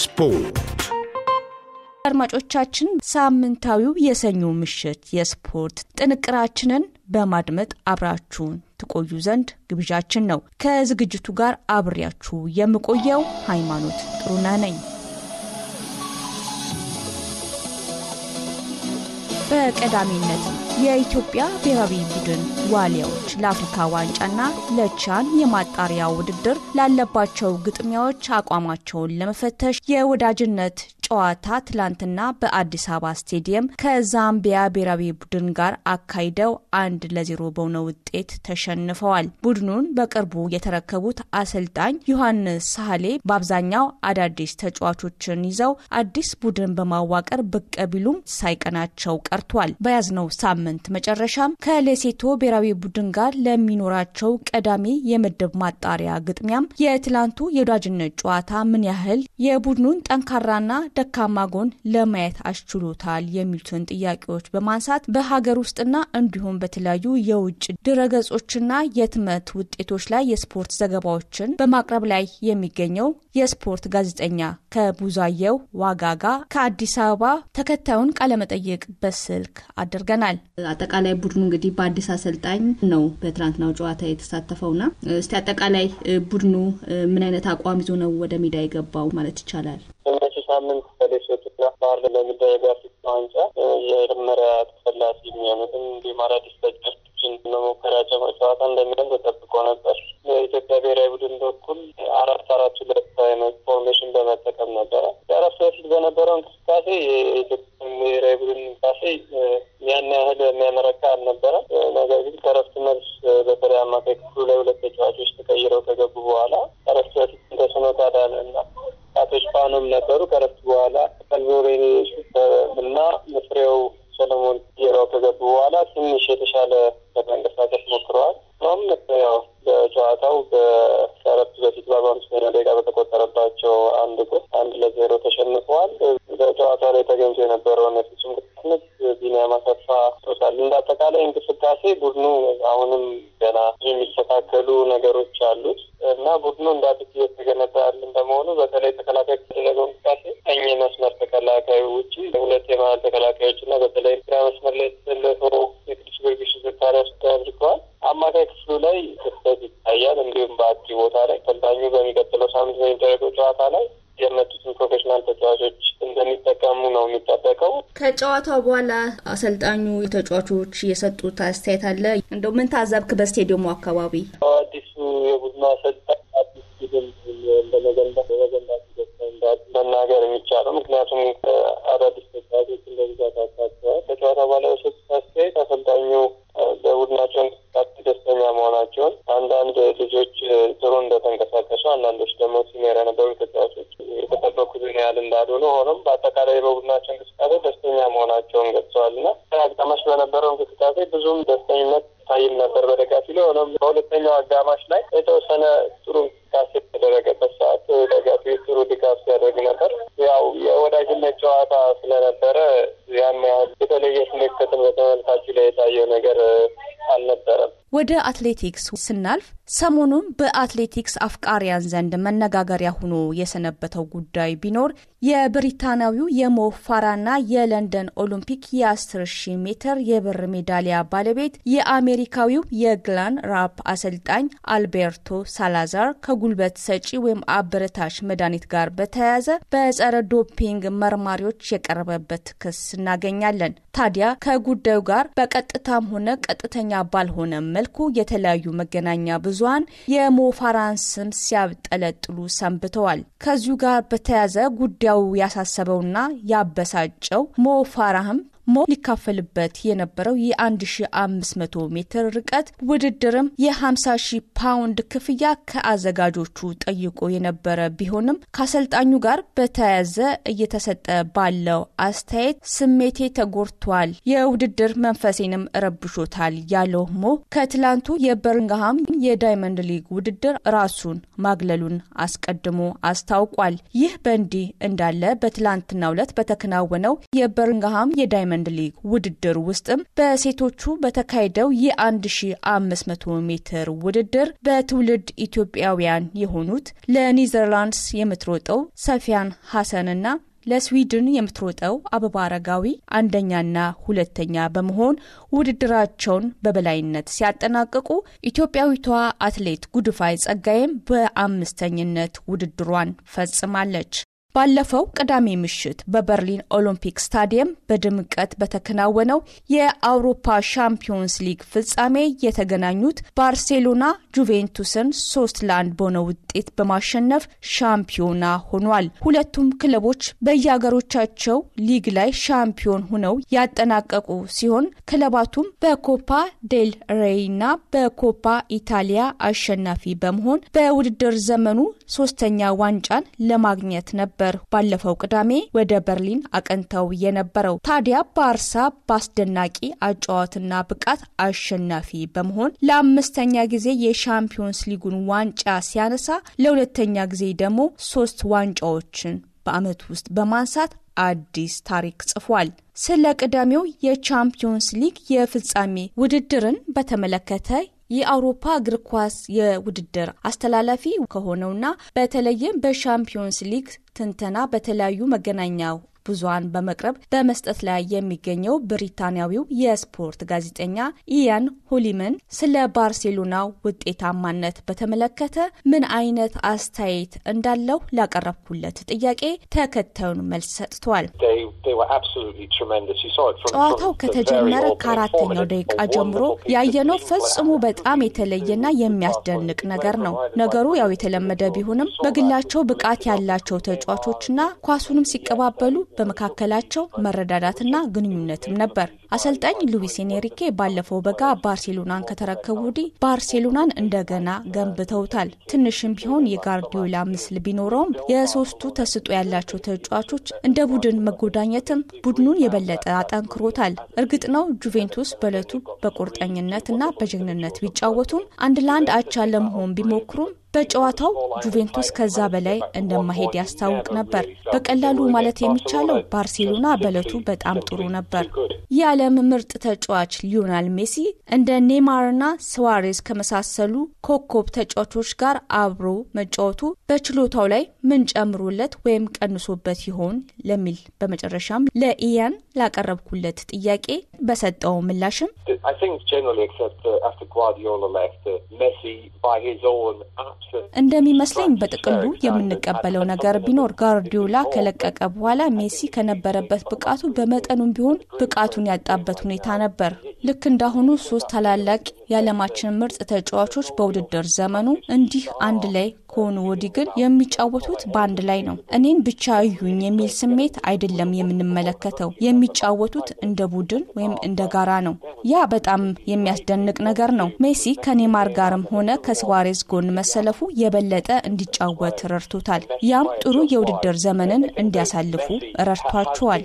ስፖርት አድማጮቻችን፣ ሳምንታዊው የሰኞ ምሽት የስፖርት ጥንቅራችንን በማድመጥ አብራችሁን ትቆዩ ዘንድ ግብዣችን ነው። ከዝግጅቱ ጋር አብሬያችሁ የምቆየው ሃይማኖት ጥሩና ነኝ። በቀዳሚነት የኢትዮጵያ ብሔራዊ ቡድን ዋሊያዎች ለአፍሪካ ዋንጫና ለቻን የማጣሪያ ውድድር ላለባቸው ግጥሚያዎች አቋማቸውን ለመፈተሽ የወዳጅነት ጨዋታ ትላንትና በአዲስ አበባ ስቴዲየም ከዛምቢያ ብሔራዊ ቡድን ጋር አካሂደው አንድ ለዜሮ በሆነ ውጤት ተሸንፈዋል። ቡድኑን በቅርቡ የተረከቡት አሰልጣኝ ዮሐንስ ሳህሌ በአብዛኛው አዳዲስ ተጫዋቾችን ይዘው አዲስ ቡድን በማዋቀር ብቅ ቢሉም ሳይቀናቸው ቀርቷል። በያዝነው ሳምንት መጨረሻም ከሌሴቶ ብሔራዊ ቡድን ጋር ለሚኖራቸው ቀዳሚ የምድብ ማጣሪያ ግጥሚያም የትላንቱ የወዳጅነት ጨዋታ ምን ያህል የቡድኑን ጠንካራና ደካማ ጎን ለማየት አስችሎታል የሚሉትን ጥያቄዎች በማንሳት በሀገር ውስጥና እንዲሁም በተለያዩ የውጭ ድረገጾችና የትምህርት ውጤቶች ላይ የስፖርት ዘገባዎችን በማቅረብ ላይ የሚገኘው የስፖርት ጋዜጠኛ ከቡዛየው ዋጋ ጋር ከአዲስ አበባ ተከታዩን ቃለመጠይቅ በስልክ አድርገናል። አጠቃላይ ቡድኑ እንግዲህ በአዲስ አሰልጣኝ ነው በትናንትናው ጨዋታ የተሳተፈውና እስቲ አጠቃላይ ቡድኑ ምን አይነት አቋም ይዞ ነው ወደ ሜዳ የገባው ማለት ይቻላል? ሳምንት በሌሶትና ባህር ለሚደረጋ ለሚደረጉ አፍሪካ ዋንጫ የመጀመሪያ ተፈላጊ የሚሆኑትን እንዲሁም አዳዲስ ተጫዋቾችን መሞከራቸው ጨዋታ እንደሚሆን ተጠብቆ ነበር። በኢትዮጵያ ብሔራዊ ቡድን በኩል አራት አራት ሁለት አይነት ፎርሜሽን በመጠቀም ነበረ። ከእረፍት በፊት በነበረው እንቅስቃሴ የኢትዮጵያ እና የፍሬው ሰለሞን ጌራው ከገቡ በኋላ ትንሽ የተሻለ ለመንቀሳቀስ ሞክረዋል። ያው በጨዋታው ከእረፍት በፊት በአምስተኛ ደቂቃ በተቆጠረባቸው አንድ ጎል አንድ ለዜሮ ተሸንፈዋል። በጨዋታ ላይ ተገኝቶ የነበረውን የፍጹም ቅጣት ቢኒያም አሰፋ ቶታል። እንዳጠቃላይ እንቅስቃሴ ቡድኑ አሁንም ገና የሚስተካከሉ ነገሮች አሉት እና ቡድኑ እንደ አዲስ እየተገነባ ያለ እንደመሆኑ በተለይ ተከላካይ ከተደረገው እንቅስቃሴ ቀኝ መስመር ተከላካዩ ውጭ ሁለት የመሀል ተከላካዮች እና በተለይ ግራ መስመር ላይ የተሰለፈው የቅዱስ ጊዮርጊስ ስታ አድርገዋል። አማካይ ክፍሉ ላይ ሲደረግ ይታያል። እንዲሁም በአዲ ቦታ ላይ አሰልጣኙ በሚቀጥለው ሳምንት በሚደረገው ጨዋታ ላይ የመጡትን ፕሮፌሽናል ተጫዋቾች እንደሚጠቀሙ ነው የሚጠበቀው። ከጨዋታው በኋላ አሰልጣኙ ተጫዋቾች የሰጡት አስተያየት አለ። እንደው ምን ታዘብክ? በስቴዲየሙ አካባቢ አዲሱ የቡድኑ አሰልጣኝ አዲስ ቡድን እንደመገንባት በመገንባት መናገር የሚቻለው ምክንያቱም አዳዲስ ተጫዋቾች እንደዚህ ተጫዋታ በኋላ አጋማሽ ላይ የተወሰነ ጥሩ እንቅስቃሴ የተደረገበት ሰዓት ደጋፊ ጥሩ ድጋፍ ሲያደርግ ነበር። ያው የወዳጅነት ጨዋታ ስለነበረ ያን ያህል የተለየ ምልክትም በተመልካቹ ላይ የታየው ነገር አልነበረም። ወደ አትሌቲክስ ስናልፍ ሰሞኑን በአትሌቲክስ አፍቃሪያን ዘንድ መነጋገሪያ ሆኖ የሰነበተው ጉዳይ ቢኖር የብሪታናዊው የሞ ፋራና የለንደን ኦሎምፒክ የ10 ሺህ ሜትር የብር ሜዳሊያ ባለቤት የአሜሪካዊው የግላን ራፕ አሰልጣኝ አልቤርቶ ሳላዛር ከ ጉልበት ሰጪ ወይም አበረታች መድኃኒት ጋር በተያያዘ በጸረ ዶፒንግ መርማሪዎች የቀረበበት ክስ እናገኛለን። ታዲያ ከጉዳዩ ጋር በቀጥታም ሆነ ቀጥተኛ ባልሆነ መልኩ የተለያዩ መገናኛ ብዙኃን የሞፋራን ስም ሲያብጠለጥሉ ሰንብተዋል። ከዚሁ ጋር በተያያዘ ጉዳዩ ያሳሰበውና ያበሳጨው ሞፋራህም ሞ ሊካፈልበት የነበረው የ1500 ሜትር ርቀት ውድድርም የ50 ሺህ ፓውንድ ክፍያ ከአዘጋጆቹ ጠይቆ የነበረ ቢሆንም ከአሰልጣኙ ጋር በተያያዘ እየተሰጠ ባለው አስተያየት ስሜቴ ተጎድቷል፣ የውድድር መንፈሴንም ረብሾታል ያለው ሞ ከትላንቱ የበርንግሃም የዳይመንድ ሊግ ውድድር ራሱን ማግለሉን አስቀድሞ አስታውቋል። ይህ በእንዲህ እንዳለ በትላንትናው ዕለት በተከናወነው የበርንግሃም የዳይመንድ ዳይመንድ ሊግ ውድድር ውስጥም በሴቶቹ በተካሄደው የ1500 ሜትር ውድድር በትውልድ ኢትዮጵያውያን የሆኑት ለኒዘርላንድስ የምትሮጠው ሰፊያን ሐሰንና ለስዊድን የምትሮጠው አበባ አረጋዊ አንደኛና ሁለተኛ በመሆን ውድድራቸውን በበላይነት ሲያጠናቅቁ ኢትዮጵያዊቷ አትሌት ጉድፋይ ጸጋዬም በአምስተኝነት ውድድሯን ፈጽማለች። ባለፈው ቅዳሜ ምሽት በበርሊን ኦሎምፒክ ስታዲየም በድምቀት በተከናወነው የአውሮፓ ሻምፒዮንስ ሊግ ፍጻሜ የተገናኙት ባርሴሎና ጁቬንቱስን ሶስት ለአንድ በሆነ ውጤት በማሸነፍ ሻምፒዮና ሆኗል። ሁለቱም ክለቦች በየአገሮቻቸው ሊግ ላይ ሻምፒዮን ሆነው ያጠናቀቁ ሲሆን ክለባቱም በኮፓ ዴል ሬይ በኮፓ ኢታሊያ አሸናፊ በመሆን በውድድር ዘመኑ ሶስተኛ ዋንጫን ለማግኘት ነበር ነበር ባለፈው ቅዳሜ ወደ በርሊን አቀንተው የነበረው። ታዲያ ባርሳ በአስደናቂ አጫዋትና ብቃት አሸናፊ በመሆን ለአምስተኛ ጊዜ የሻምፒዮንስ ሊጉን ዋንጫ ሲያነሳ ለሁለተኛ ጊዜ ደግሞ ሶስት ዋንጫዎችን በአመት ውስጥ በማንሳት አዲስ ታሪክ ጽፏል። ስለ ቅዳሜው የቻምፒዮንስ ሊግ የፍጻሜ ውድድርን በተመለከተ የአውሮፓ እግር ኳስ የውድድር አስተላላፊ ከሆነውና በተለይም በሻምፒዮንስ ሊግ ትንተና በተለያዩ መገናኛ ብዙሃን በመቅረብ በመስጠት ላይ የሚገኘው ብሪታንያዊው የስፖርት ጋዜጠኛ ኢያን ሁሊመን ስለ ባርሴሎና ውጤታማነት በተመለከተ ምን አይነት አስተያየት እንዳለው ላቀረብኩለት ጥያቄ ተከታዩን መልስ ሰጥቷል። ጨዋታው ከተጀመረ ከአራተኛው ደቂቃ ጀምሮ ያየነው ፈጽሞ በጣም የተለየና የሚያስደንቅ ነገር ነው። ነገሩ ያው የተለመደ ቢሆንም በግላቸው ብቃት ያላቸው ተጫዋቾችና ኳሱንም ሲቀባበሉ በመካከላቸው መረዳዳትና ግንኙነትም ነበር። አሰልጣኝ ሉዊስ ኤንሪኬ ባለፈው በጋ ባርሴሎናን ከተረከቡ ወዲህ ባርሴሎናን እንደገና ገንብተውታል። ትንሽም ቢሆን የጋርዲዮላ ምስል ቢኖረውም የሶስቱ ተስጦ ያላቸው ተጫዋቾች እንደ ቡድን መጎዳኘትም ቡድኑን የበለጠ አጠንክሮታል። እርግጥ ነው ጁቬንቱስ በቁርጠኝነት በቁርጠኝነትና በጀግንነት ቢጫወቱም አንድ ለአንድ አቻ ለመሆን ቢሞክሩም በጨዋታው ጁቬንቱስ ከዛ በላይ እንደማሄድ ያስታውቅ ነበር። በቀላሉ ማለት የሚቻለው ባርሴሎና በለቱ በጣም ጥሩ ነበር። የዓለም ምርጥ ተጫዋች ሊዮናል ሜሲ እንደ ኔማርና ስዋሬስ ከመሳሰሉ ኮከብ ተጫዋቾች ጋር አብሮ መጫወቱ በችሎታው ላይ ምን ጨምሮለት ወይም ቀንሶበት ይሆን ለሚል በመጨረሻም ለኢያን ላቀረብኩለት ጥያቄ በሰጠው ምላሽም uh, uh, እንደሚመስለኝ በጥቅሉ የምንቀበለው ነገር ቢኖር ጋርዲዮላ ከለቀቀ በኋላ ሜሲ ከነበረበት ብቃቱ በመጠኑም ቢሆን ብቃቱን ያጣ የመጣበት ሁኔታ ነበር። ልክ እንዳሁኑ ሶስት ታላላቅ የዓለማችን ምርጥ ተጫዋቾች በውድድር ዘመኑ እንዲህ አንድ ላይ ከሆኑ ወዲህ ግን የሚጫወቱት በአንድ ላይ ነው። እኔን ብቻ እዩኝ የሚል ስሜት አይደለም የምንመለከተው። የሚጫወቱት እንደ ቡድን ወይም እንደ ጋራ ነው። ያ በጣም የሚያስደንቅ ነገር ነው። ሜሲ ከኔማር ጋርም ሆነ ከስዋሬዝ ጎን መሰለፉ የበለጠ እንዲጫወት ረድቶታል። ያም ጥሩ የውድድር ዘመንን እንዲያሳልፉ ረድቷቸዋል።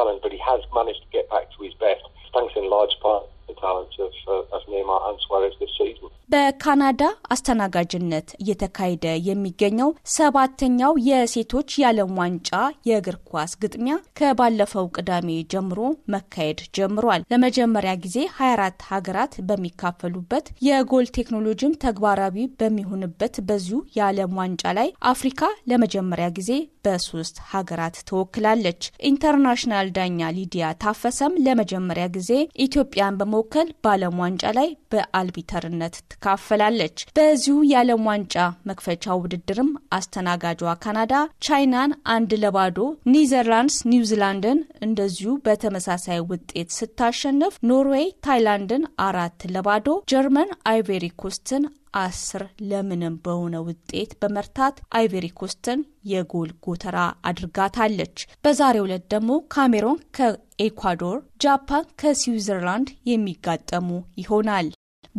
talent, but he has managed to get back to his best, thanks in large part to the talents of, uh, of Neymar and Suarez this season. በካናዳ አስተናጋጅነት እየተካሄደ የሚገኘው ሰባተኛው የሴቶች የዓለም ዋንጫ የእግር ኳስ ግጥሚያ ከባለፈው ቅዳሜ ጀምሮ መካሄድ ጀምሯል። ለመጀመሪያ ጊዜ 24 ሀገራት በሚካፈሉበት የጎል ቴክኖሎጂም ተግባራዊ በሚሆንበት በዚሁ የዓለም ዋንጫ ላይ አፍሪካ ለመጀመሪያ ጊዜ በሶስት ሀገራት ተወክላለች። ኢንተርናሽናል ዳኛ ሊዲያ ታፈሰም ለመጀመሪያ ጊዜ ኢትዮጵያን በመወከል በዓለም ዋንጫ ላይ በአልቢተርነት ትካፈላለች። በዚሁ የዓለም ዋንጫ መክፈቻ ውድድርም አስተናጋጇ ካናዳ ቻይናን አንድ ለባዶ፣ ኒዘርላንድስ ኒውዚላንድን እንደዚሁ በተመሳሳይ ውጤት ስታሸንፍ፣ ኖርዌይ ታይላንድን አራት ለባዶ፣ ጀርመን አይቬሪኮስትን አስር ለምንም በሆነ ውጤት በመርታት አይቬሪኮስትን የጎል ጎተራ አድርጋታለች። በዛሬው ዕለት ደግሞ ካሜሮን ከኤኳዶር፣ ጃፓን ከስዊዘርላንድ የሚጋጠሙ ይሆናል።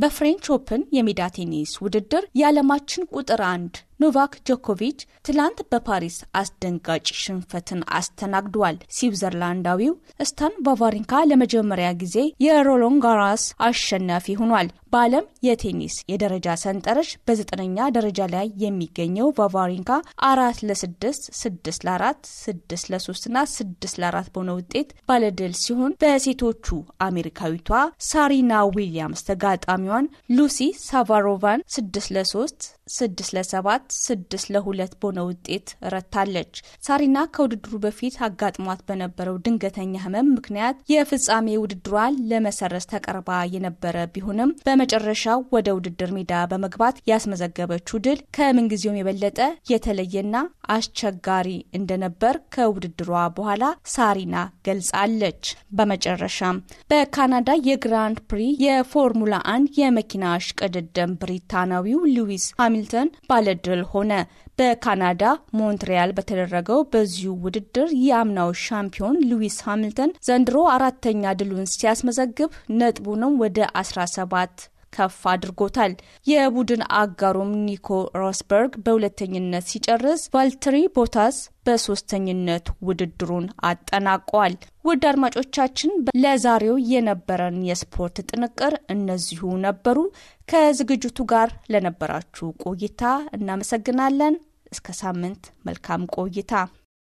በፍሬንች ኦፕን የሜዳ ቴኒስ ውድድር የዓለማችን ቁጥር አንድ ኖቫክ ጆኮቪች ትላንት በፓሪስ አስደንጋጭ ሽንፈትን አስተናግዷል። ስዊዘርላንዳዊው ስታን ቫቫሪንካ ለመጀመሪያ ጊዜ የሮሎን ጋራስ አሸናፊ ሆኗል። በዓለም የቴኒስ የደረጃ ሰንጠረዥ በዘጠነኛ ደረጃ ላይ የሚገኘው ቫቫሪንካ አራት ለስድስት ስድስት ለአራት ስድስት ለሶስት ና ስድስት ለአራት በሆነ ውጤት ባለድል ሲሆን በሴቶቹ አሜሪካዊቷ ሳሪና ዊሊያምስ ተጋጣሚዋን ሉሲ ሳቫሮቫን ስድስት ለሶስት ስድስት ለሰባት ስድስት ለሁለት በሆነ ውጤት ረታለች። ሳሪና ከውድድሩ በፊት አጋጥሟት በነበረው ድንገተኛ ህመም ምክንያት የፍጻሜ ውድድሯን ለመሰረዝ ተቀርባ የነበረ ቢሆንም በመጨረሻው ወደ ውድድር ሜዳ በመግባት ያስመዘገበችው ድል ከምንጊዜውም የበለጠ የተለየና አስቸጋሪ እንደነበር ከውድድሯ በኋላ ሳሪና ገልጻለች። በመጨረሻም በካናዳ የግራንድ ፕሪ የፎርሙላ አንድ የመኪና አሽቅድድም ብሪታናዊው ሉዊስ ሃሚል ሃሚልተን ባለድል ሆነ። በካናዳ ሞንትሪያል በተደረገው በዚሁ ውድድር የአምናው ሻምፒዮን ሉዊስ ሃሚልተን ዘንድሮ አራተኛ ድሉን ሲያስመዘግብ ነጥቡንም ወደ 17 ከፍ አድርጎታል። የቡድን አጋሩም ኒኮ ሮስበርግ በሁለተኝነት ሲጨርስ ቫልትሪ ቦታስ በሶስተኝነት ውድድሩን አጠናቋል። ውድ አድማጮቻችን ለዛሬው የነበረን የስፖርት ጥንቅር እነዚሁ ነበሩ። ከዝግጅቱ ጋር ለነበራችሁ ቆይታ እናመሰግናለን። እስከ ሳምንት መልካም ቆይታ